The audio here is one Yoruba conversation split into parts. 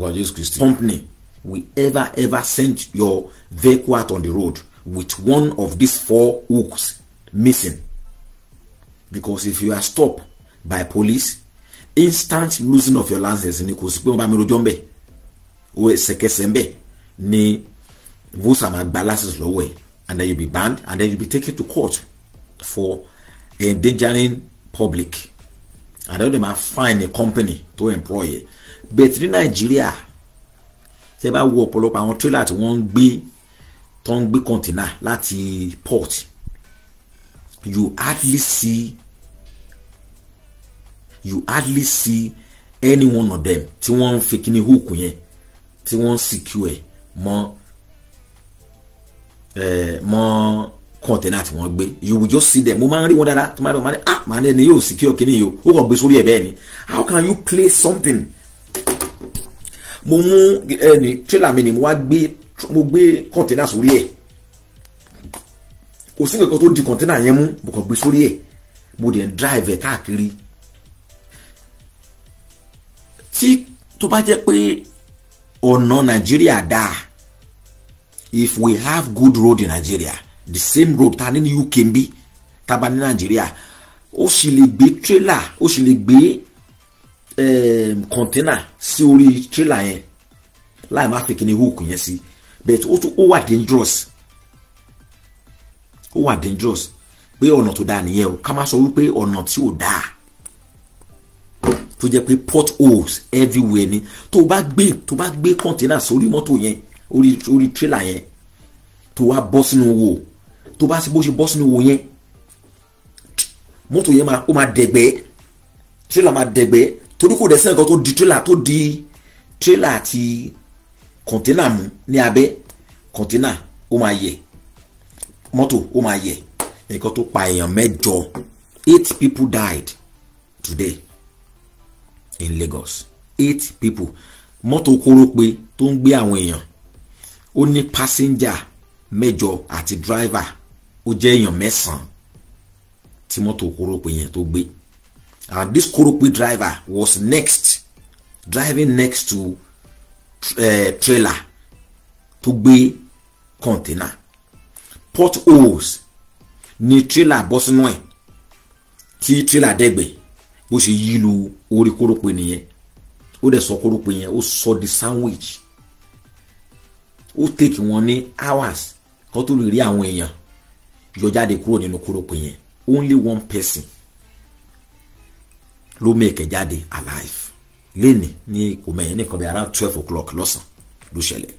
Lord Jesus Christ. Company will ever ever send your vehicle out on the road with one of these four hooks missing. Because if you are stopped by police, instant losing of your license ni kò sí pé wọn bá mi rojọ́ ń bẹ̀ o ṣẹ̀kẹ̀ṣẹ̀ ń ni vosa máa gba license lọ́wọ́ ẹ̀ and then you be banned and then you be taken to court for endangering public and then they ma find a company to employ but ní nàìjíríà tẹ bá wo ọ̀pọ̀lọpọ̀ àwọn trailer tí wọ́n ń gbé tó ń gbé container láti port you hardly see you hardly see any one of them tí wọ́n ń fi kíní hook yẹn tí wọ́n ń secure mọ́ ẹ̀ eh, mọ́. Container, tí wọ́n gbé you will just see them mo máa ń rí wọn dáadáa tó máa rí wọn máa ní ah màá lẹ́ni yóò sì kí ọ̀kíní yìí ó kàn gbé sórí ẹ̀ bẹ́ẹ̀ ni how can you play something mo mú ẹni eh, trailer mi ni mo wá gbé mo gbé container sórí ẹ̀ kò sí nǹkan tó di container yẹn mú mo kàn gbé sórí ẹ̀ mo dẹ̀ drive ẹ̀ káàkiri tí tó bá jẹ́ pé ọ̀nà Nàìjíríà dáa if we have good road in Nigeria the same road ta ní ní UK ń bí tá a bá ní Nàìjíríà ó sì lè gbé tírélà ó sì lè gbé kọ̀ńténà ehm, sí orí tírélà yẹn láì má fi kíni hook yẹn sí but ó tún ó wà dangerous ó wà dangerous pé ọ̀nà tó dáa nìyẹn o ká má sọ wípé ọ̀nà tí ò To tó jẹ́ pé potholes everywhere ni to bá gbé to bá gbé container. sórí mọ́tò yẹn orí orí trailer yẹn tó wá bọ́ sínú wò tó bá ti bó ṣe bọ́ sínú wo yẹn mọ́tò yẹn ó máa dẹ̀gbẹ́ tírélà máa dẹ̀gbẹ́ torí kò dẹ̀sẹ̀ nǹkan tó di tírélà tó di tírélà àti kọ̀ǹténà mú ní abẹ́ kọ̀ǹténà ó máa yẹ̀ mọ́tò ó máa yẹ̀ nǹkan tó pa èèyàn mẹ́jọ eight people died today in Lagos eight people mọ́tò kórópè tó ń gbé àwọn èèyàn ó ní pásíńjà mẹ́jọ àti dráìvà ó jẹ́ èèyàn mẹ́sàn-án tí mọ́tò kórópè yẹn tó gbé and this kórópè driver was next driving next to uh, trailer tó gbé container Port potholes ni trailer bọ́ sínú ẹ̀ tí trailer dẹ́gbẹ̀ bó ṣe yí lu orí kórópè nìyẹn ó dẹ̀ sọ kórópè yẹn ó sọ di sandwich ó take wọn ní hours kó tó lè rí àwọn èèyàn yọ jáde kúrò nínú kórópè yẹn only one person ló mẹ́ẹ̀kẹ́ jáde alive lẹ́nì ní òmẹ̀yìn nìkan bí around twelve o'clock lọ́sàn ló ṣẹlẹ̀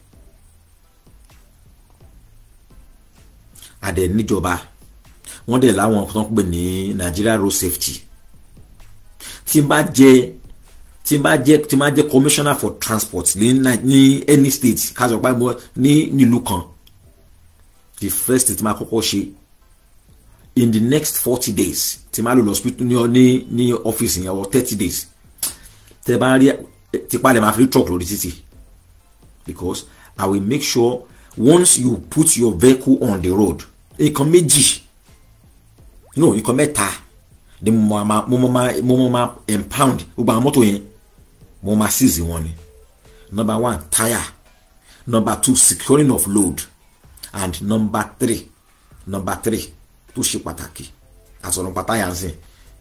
adẹ̀ níjọba wọ́n dẹ̀ láwọn tó ń pè ní Nigeria road safety tí n bá jẹ́ tí n bá jẹ́ tí n bá jẹ́ commissioner for transport ní ní any state kájọpá ní nílùú kan the first state máa kọ́kọ́ ṣe in the next forty days tí máa lò lọ hospital ní ní ní ọ́fíìsì yẹn wọ thirty days tẹ bá rí tipa lè máa fi truck lórí títì because I will make sure once you put your vehicle on the road nǹkan méjì no nǹkan mẹ́ta ni mo ma mo ma mo mo ma impound gbogbo àwọn mọ́tò yẹn mo ma seize wọn ni number one tire number two securing of load and number three number three tó ṣe pàtàkì àsọ̀rọ̀ pàtàyànsì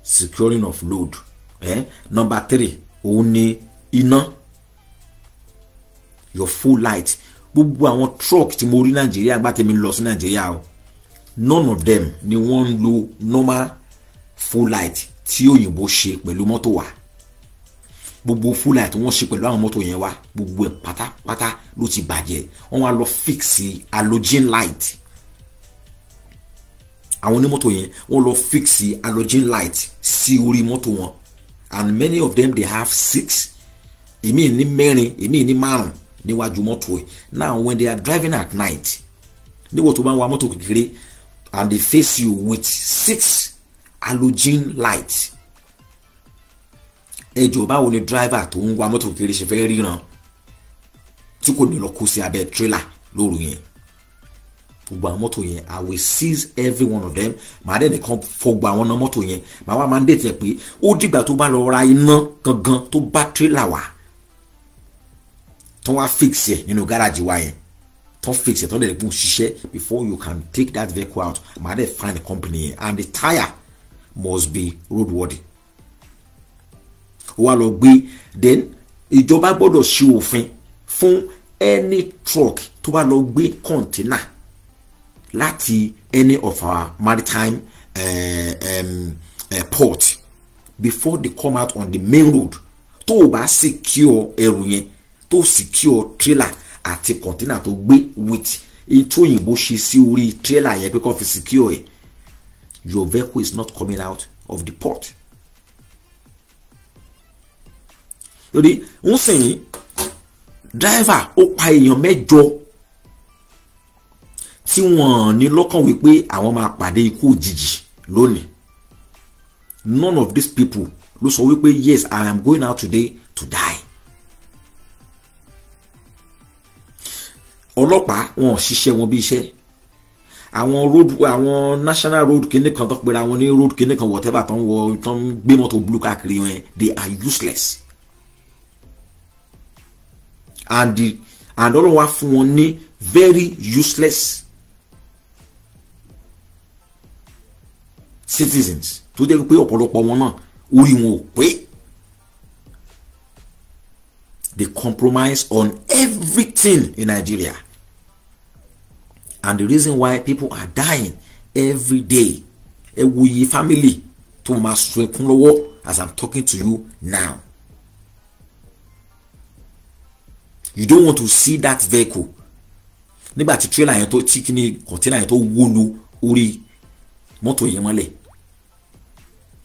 securing of load eh? number three òun ni iná your full light gbogbo àwọn truck tí mo rí nàìjíríà gbá tèmi lọ sí nàìjíríà o none of them ni wọ́n ń lo normal full light tí òyìnbó ṣe pẹ̀lú mọ́tò wa gbogbo full light wọ́n ṣe pẹ̀lú àwọn mọ́tò yẹn wa gbogbo ẹ̀ pátápátá ló ti bàjẹ́ wọ́n wá lọ fix halogen light àwọn onímọ́tò yẹn wọ́n lọ fíksì halogen light sí orí mọ́tò wọn and many of them they have six èmi ní mẹ́rin èmi ní márùn níwájú mọ́tò ẹ̀ now when they are driving at night níwọ̀n tó bá ń wa mọ́tò kékeré and they face you with six halogen light ẹjọ báwo ni driver tó ń wa mọ́tò kékeré ṣe fẹ́ ríran tí kò ní lọ kó sí abẹ́ tírélà lóru yẹn gbogbo àwọn mọ́tò yẹn i will seize every one of them màá dẹ̀ nìkan fọgbà àwọn ọ̀nà mọ́tò yẹn màá wá máa ń dètè pé ó dìgbà tó bá lọ ra iná gangan tó bá tírélà wá tó wá fix ẹ̀ nínú gáràjì wa yẹn tó fix ẹ̀ tó dẹ̀ kún ṣiṣẹ́ before you can take that vehicle out màá dẹ̀ find the company yẹn and the tyre must be roadworthy ó wá lọ gbé then ìjọba gbọ́dọ̀ ṣe òfin fún any truck tó bá lọ gbé kọ̀ǹtínà láti any of our maritime uh, um, uh, port before they come out on the main road tó o bá secure ẹrù yẹn tó secure trailer àti container tó gbé with ètò òyìnbó ṣe sí orí trailer yẹn pé kò fi secure ẹ your vehicle is not coming out of the port. lórí ń sìn driver ó pa èèyàn mẹ́jọ tí wọ́n ní lọ́kàn wípé àwọn máa pàdé ikú òjijì lónìí none of these people ló sọ wípé yes I am going out today to die ọlọ́pàá wọn ò ṣiṣẹ́ wọn bí iṣẹ́ àwọn road àwọn national road kìnìún kan tó pera wọn ní road kìnìún kan whatever tó ń wọ tó ń gbé mọ́tò blue káàkiri yẹn they are useless and the and ọlọ́run wá fún wọn ní very useless citizens tó jẹ́ pé ọ̀pọ̀lọpọ̀ wọn náà orí wọn ò pé they compromise on everything in Nigeria and the reason why people are dying every day ẹ wo iye family tó máa sun ẹkún lọ́wọ́ as I'm talking to you now you don't want to see that vehicle nígbà tí trailer yẹn tó tí kíní container yẹn tó wó lu orí mọ́tò yẹn mọ́lẹ̀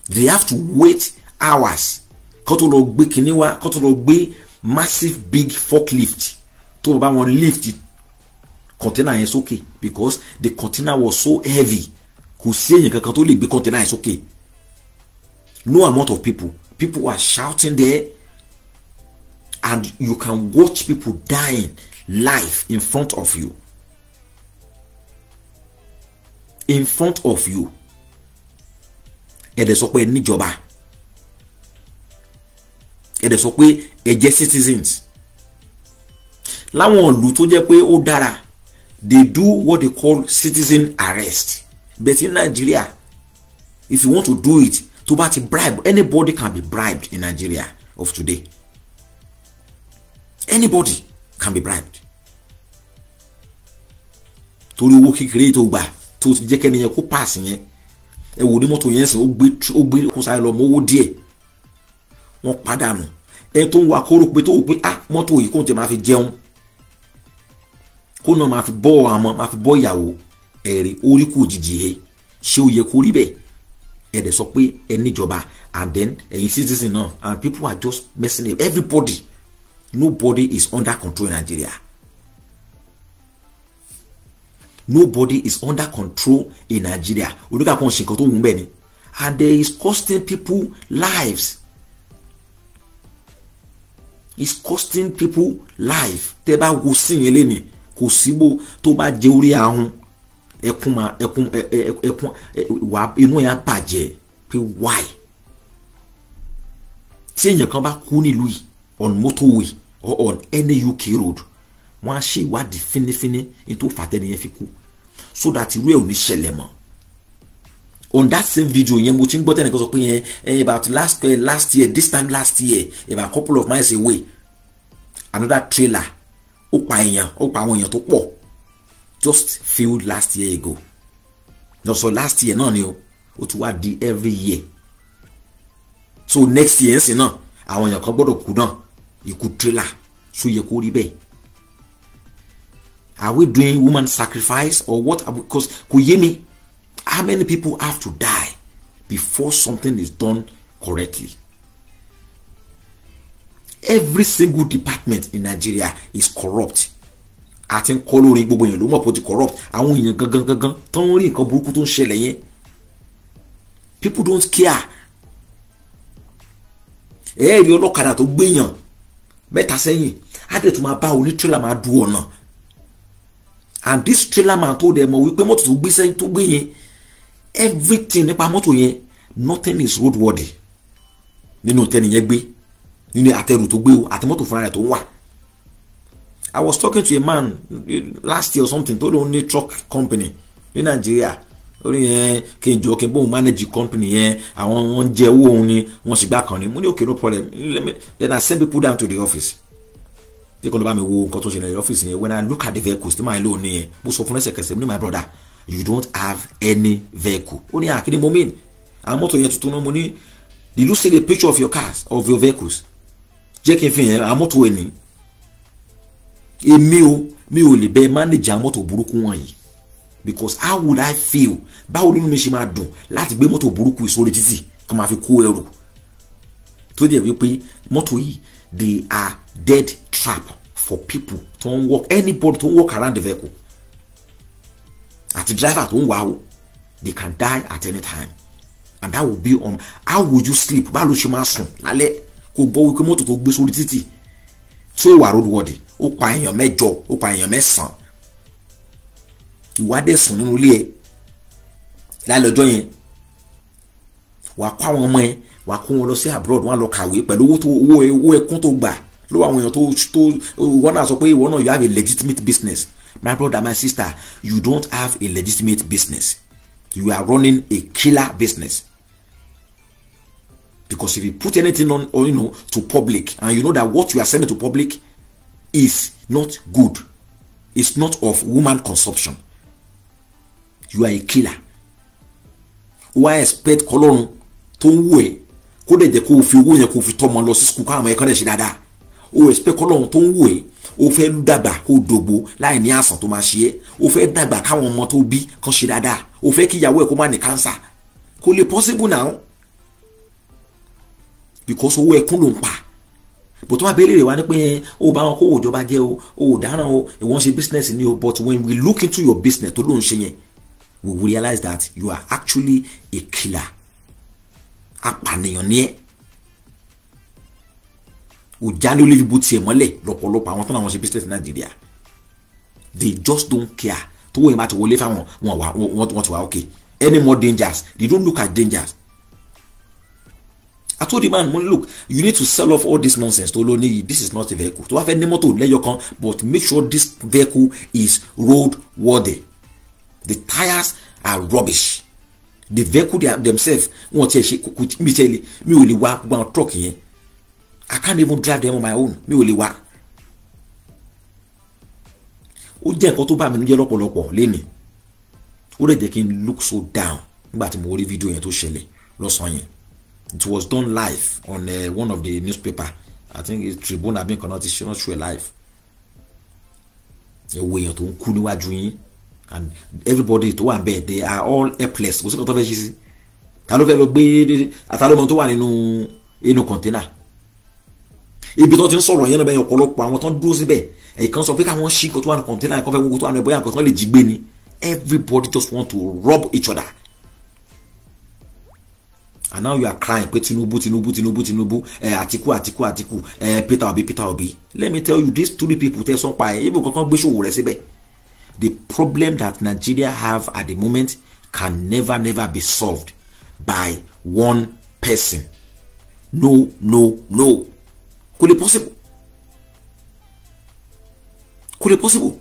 they have to wait hours kó tó lọ gbé kinní wá kó tó lọ gbé massive big forklift tó bá wọn lift container yẹn sókè because the container was so heavy kò sí èèyàn kankan tó lè gbé container yẹn sókè no amount of people people were shouting there and you can watch people dying live in front of you in front of you ẹ̀dẹ̀ sọ pé ẹ níjọba ẹ̀dẹ̀ sọ pé ẹ jẹ́ citizens láwọn ìlú tó jẹ́ pé ó dára they do what they call citizen arrest but in Nigeria if you want to do it tó bá ti bribe anybody can be bribed in Nigeria of today anybody can be bribed torí owó kékeré tó gbà tó ti jẹ́ kẹ́ni yẹn kó pass yẹn ẹ wò ní mọ́tò yẹn sìn ó gbé ó gbé kó sáré lọ mọ́wó díẹ̀ wọ́n padà nù ẹ tó ń wa kóró pé tó wò pé ah mọ́tò yìí kò tẹ̀ máa fi jẹun kó náà máa fi bọ́ àmọ́ máa fi bọ́ ìyàwó ẹ̀rí orí kù jìjì ẹ ṣé ó yẹ kó rí bẹ́ẹ̀ ẹ dẹ̀ sọ pé ẹ níjọba and then ẹ̀yin citizen náà and people are just messing up everybody nobody is under control in Nigeria nobody is under control in Nigeria olùkà kan ṣe nǹkan tó wù ú bẹ́ẹ̀ ni and there is costing people lives is costing people life tẹ́ bá wo sí yẹn lẹ́nìí kò síbò tó bá jẹ orí ahun ẹkún ma ẹkún ẹkún wà inú yẹn bàjẹ́ pé why tí èèyàn kan bá kú nílùú yìí on motorway or on any UK road wọ́n á ṣe ìwádìí fínífíní nítorí fàtẹ́ni yẹn fi kú so that irú ẹ̀ ò ní ṣẹlẹ̀ mọ́ on that same video yẹn mo ti ń gbọ́ tẹ́nìkan sọ pé yẹn eh, about last uh, last year this time last year about couple of miles away another trailer ó pa èèyàn ó pa àwọn èèyàn tó pọ̀ just few last year ago lọ́sọ̀ last year náà ni o ó ti wá di every year so next year ẹ̀sìn náà àwọn èèyàn kan gbọ́dọ̀ kú náà ikú trailer so yẹ kó rí bẹ́ẹ̀ Are we doing woman sacrifice or what? Because Kuyemi, how many people have to die before something is done correctly? Every single department in Nigeria is corrupt. àti ń kọ́ lórí gbogbo èèyàn ló mọ̀ pé ó ti corrupt àwọn èèyàn gangan gangan tó ń rí nǹkan burúkú tó ń ṣẹlẹ̀ yẹn people don't care ẹ̀ẹ́rì ọlọ́kadà tó gbéyàn mẹ́ta sẹ́yìn á dẹ̀ tún máa bá onítìrẹ́là máa du ọ̀nà and this trailer man told them wípé mọ́tò tó gbé sẹ́yìn tó gbé yẹn everything nípa mọ́tò yẹn nothing is roadworthy nínú tẹ́ni yẹn gbé nínú àtẹrù tó gbé o àti mọ́tò fúnra rẹ̀ tó wà i was talking to a man last year or something tó lóun ní truck company ní nàìjíríà lórí yẹn kí n jọ kí n bóun manage company yẹn àwọn wọn jẹ owó òun ni wọn sì gbà kàn ní mo ní okay no problem then i send people down to the office tí ló bá mi wo nǹkan tó ṣẹlẹ̀ ní ọ́fíìsì yẹn when I look at the vehicles tí màá lò ní yẹn mo sọ fún ẹsẹ̀kẹsẹ̀ ní my brother you don't have any vehicle ó ní àkíní ah, mo mean àwọn mọ́tò yẹn tuntun náà mo ní did you see the picture of your cars of your vehicles jẹ́ kí n fi yẹn àwọn mọ́tò ẹ̀ ní èmi o mi ò lè bẹ́ẹ̀ manage àwọn mọ́tò burúkú wọ̀nyí because how would I feel báwo nínú mi ṣe máa dùn láti gbé mọ́tò burúkú ìsórí títì kí n máa fi kó ẹrù tó dẹ̀ wípé mọ́tò yìí they are dead trap for people tó ń walk anybody tó ń walk around the vehicle àti driver tó ń wá o they can die at any time and that will be on how would you sleep báwo ló ṣe máa sùn lálẹ́ kó gbọ́ wípé mọ́tò tó gbé sórí títì tí ó wà roadworthy ó pa èèyàn mẹ́jọ ó pa èèyàn mẹ́sàn-án ìwádìí sùn nínú ilé ẹ lálẹ́ ọjọ́ yẹn wàá kó àwọn ọmọ yẹn wàá kó wọn lọ sí abroad wọn lọ kàwé pẹ̀lú owó ẹkún tó gbà lọ́wọ́ àwọn èèyàn tó tó ìwọ náà sọ pé ìwọ náà you have a legitimate business my brother my sister you don't have a legitimate business you are running a killer business because if you put anything on or, you know to public and you know that what you are sending to public is not good it's not of human consumption you are a killer why expect kọlọ́run tó ń wò ẹ́ kó dẹ̀ jẹ́ kó o fi owó yẹn kó o fi tọ́mọ lọ sí skul káwọn ẹ̀kọ́ dẹ̀ ṣe dáadáa o expect kọ́lọ́run tó ń wò ẹ́ o fẹ́ dàgbà kó o dògbò láì ní àsàn tó máa ṣe é o fẹ́ dàgbà káwọn ọmọ tó bí kan ṣe dáadáa o fẹ́ kí ìyàwó ẹ̀ kó má ní kánsà kò lè possible now because owó ẹkún ló ń pa bó tó máa béèrè wa ni pé o bá wọn kó owó ìjọba jẹ o o dáràn o ìwọ́n ṣe business ni o but when we look into your business tó ló ń ṣe yẹn we will realize that you are actually a killer apànìyàn ni ẹ́ ò jálé ó lè fi bó tiẹ̀ mọ́lẹ̀ lọ́pọ̀lọpọ̀ àwọn tó náà wọ́n ṣe business nàìjíríà they just don't care tó wọ́n yẹn bá ti wọlé fáwọn wọn wà wọ́n ti wà ok any more dangers they don't look at dangers I told the man mo look you need to sell off all this nonsense tó ló yìí this is not a vehicle tó wá fẹ́ ní mọ́tò lẹ́yọ kan but make sure this vehicle is road worthy the tyres are rubbish the vehicle themselves wọn tiẹ̀ ṣe kò mi tiẹ̀ lè mi ò lè wa gbogbo truck yẹn I can't even drive them on my own mi ò lè wa. ó jẹ́ nǹkan tó bá mi níjẹ́ lọ́pọ̀lọpọ̀ lénìí ó lè jẹ́ kí n look so down nígbà tí mo rí fídíò yẹn tó ṣẹlẹ̀ lọ́sàn-án yẹn it was done live on uh, one of the newspaper I think it's Tribune abinkan náà ti ṣe wọ́n ṣe live. ẹ wo èèyàn tó ń kú níwájú yín and everybody tó wà bẹ́ẹ̀ they are all helpless kò sí kan tó fẹ́ ṣe sí ta ló fẹ́ lọ gbé àtàlọ́mọ tó wà nínú inú kọ̀ńténà ibi tó ti ń sọ̀rọ̀ yẹn náà bẹ́ẹ̀ ọ̀pọ̀lọpọ̀ àwọn tó ń dúró síbẹ̀ ẹ̀kan sọ pé káwọn ṣí kó tó wà nínú kọ̀ńténà kan fẹ́ wọ́n kó tó wà nínú ẹ̀bọ́yà kan tó lè jí gbé ni everybody just want to rob each other and now you are crying pé Tinubu Tinubu Tinubu Tinubu Atiku Atiku Atiku Peter Obi Peter Obi let me tell you these three people tẹ sọ́n pa ẹ ibi kankan gbé ṣòwò rẹ síbẹ̀ problem that Nigeria have at the moment can never, never be solved by one person. No, no, no. Could it possible? Could it possible?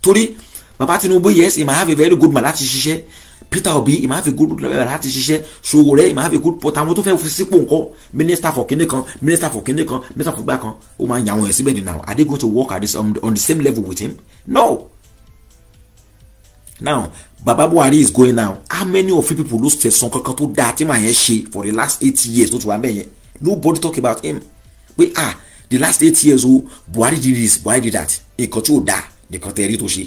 Torí, Baba Tinubu, yes, he might have a very good man láti ṣiṣẹ́. Peter Obi he might have a good lawyer láti ṣiṣẹ́ Sowore he might have a good but àwọn tó fẹ́ fi sípò nǹkan minister for kinní kan minister for kinní kan minister for gbá kan ó máa ń yà àwọn ẹ̀ síbẹ̀ ni now are they going to work at this on, on the same level with him no now Baba Buhari is going now how many of you people lose their son kankan tó dáa tí màá yẹn ṣe for the last eight years tó ti wà mẹ́yẹn nobody talk about him pé ah the last eight years o oh, Buhari did this Buhari did that nǹkan tí ò dáa nǹkan tẹ̀ rí tó ṣe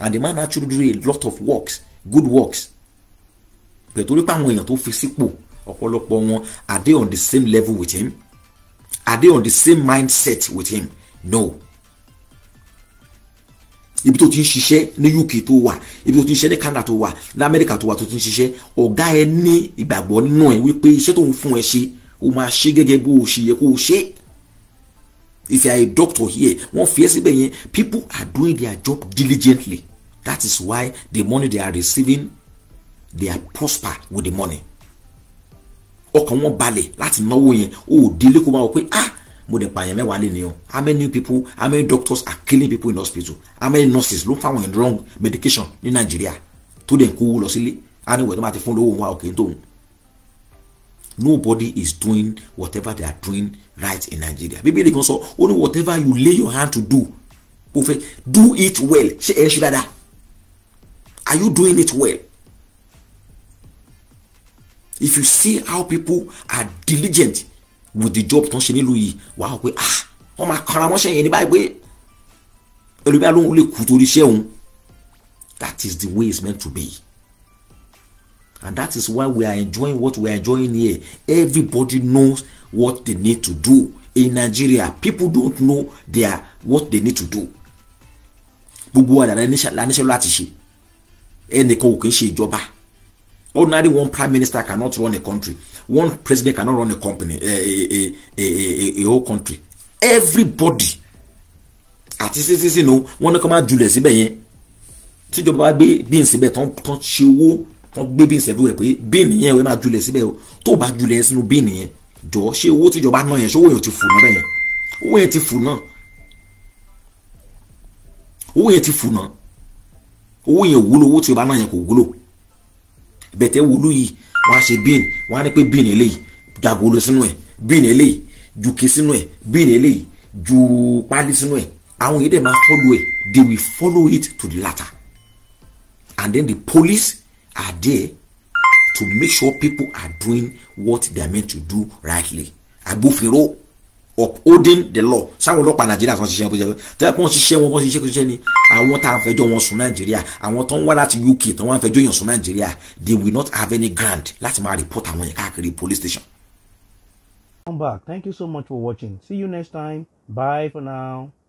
and the man actually do a lot of works good works pẹ̀lú torí pé àwọn èèyàn tó fi sípò ọ̀pọ̀lọpọ̀ wọn are they on the same level with him are they on the same mindset with him no ibi tó ti ń ṣiṣẹ́ ní UK tó wà ibi tó ti ń ṣiṣẹ́ ní Canada tó wà ní Amẹ́ríkà tó wà tó ti ń ṣiṣẹ́ ọ̀gá ẹ ní ìgbàgbọ́ nínú ẹ wípé iṣẹ́ tó ń fún ẹ ṣe o máa ṣe gẹ́gẹ́ bó o ṣe yẹ kó o ṣe if you are a doctor here wọ́n fi ẹ́ síbẹ̀ yẹn people are doing their job diligently That is why the money they are receiving, they are prosper with the money. Ọkàn wọn balẹ̀ láti náwó yẹn, ó délé kó máa wọ pé ah mo dẹ̀ pààyàn mẹ́wàá lé ni o. How many people, how many doctors are killing people in hospital? How many nurses ló fáwọn in wrong medication ní Nàìjíríà tó dẹ̀ ń kó lọ sílé? Á ní ìwẹ̀ tó máa ti fún lówó wọn òkè tóun. Nobody is doing whatever they are doing right in Nigeria. Bíbélì kan sọ, ó whatever you lay your hand to do, ó fẹ́ do it well, ṣé ẹ ṣe dáadáa? Are you doing it well? If you see how people are diligent with the job tán ṣe nílùú yìí wàá pé ah wọ́n máa kanra mọ́ṣẹ́ yẹn ní báyìí pé ẹlòmíà ló ń lè kú torí iṣẹ́ òun that is the way it's meant to be and that is why we are enjoying what we are enjoying here everybody knows what they need to do in Nigeria people don't know their what they need to do gbogbo àdàlẹ́ níṣẹ́ láti ṣe ẹnìkan ò kì í ṣe ìjọba ordinary one prime minister cannot run a country one president cannot run a company a a a a a whole country everybody àti sísí sínú wọn ní kó máa julẹ̀ síbẹ̀ yẹn tíjọba gbé bíi síbẹ̀ tán tán ṣe owó tán gbé bíi síbẹ̀ rẹ̀ pé bíi nìyẹn wẹ́n máa julẹ̀ síbẹ̀ o tó bá julẹ̀ sínú bíi nìyẹn jọ ṣé owó tíjọba náà yẹn ṣé owó yẹn ti fò náà bẹ́ẹ̀ yẹn owó yẹn ti fò náà owó yẹn ti fò náà owó yẹn wúlò owó tí o bá náà yẹn kò wúlò bẹ̀tẹ̀ wúlò yìí wọ́n á ṣe bíìn wọ́n á ní pé bíìn eléyìí jagolo sínú ẹ̀ bíìn eléyìí ju sínú ẹ̀ bíìn eléyìí ju pálí sínú ẹ̀ àwọn yìí dẹ̀ máa follow ẹ̀ they will follow it to the latter and then the police are there to make sure people are doing what they are meant to do rightly agbófinró upholding the law sáwọn ọlọ́pàá nàìjíríà kan ṣiṣẹ́ bóṣe tẹ́lẹ̀ ṣiṣẹ́ wọn wọ́n ṣiṣẹ́ ṣiṣẹ́ ni àwọn tá à fẹjọ́ wọn sùn nàìjíríà àwọn tó ń wá láti UK tó wọ́n fẹjọ́ yàn sùn nàìjíríà they will not have any ground láti máa report àwọn yẹn káàkiri police station. Come back. Thank you so much for watching. See you next time. Bye for now.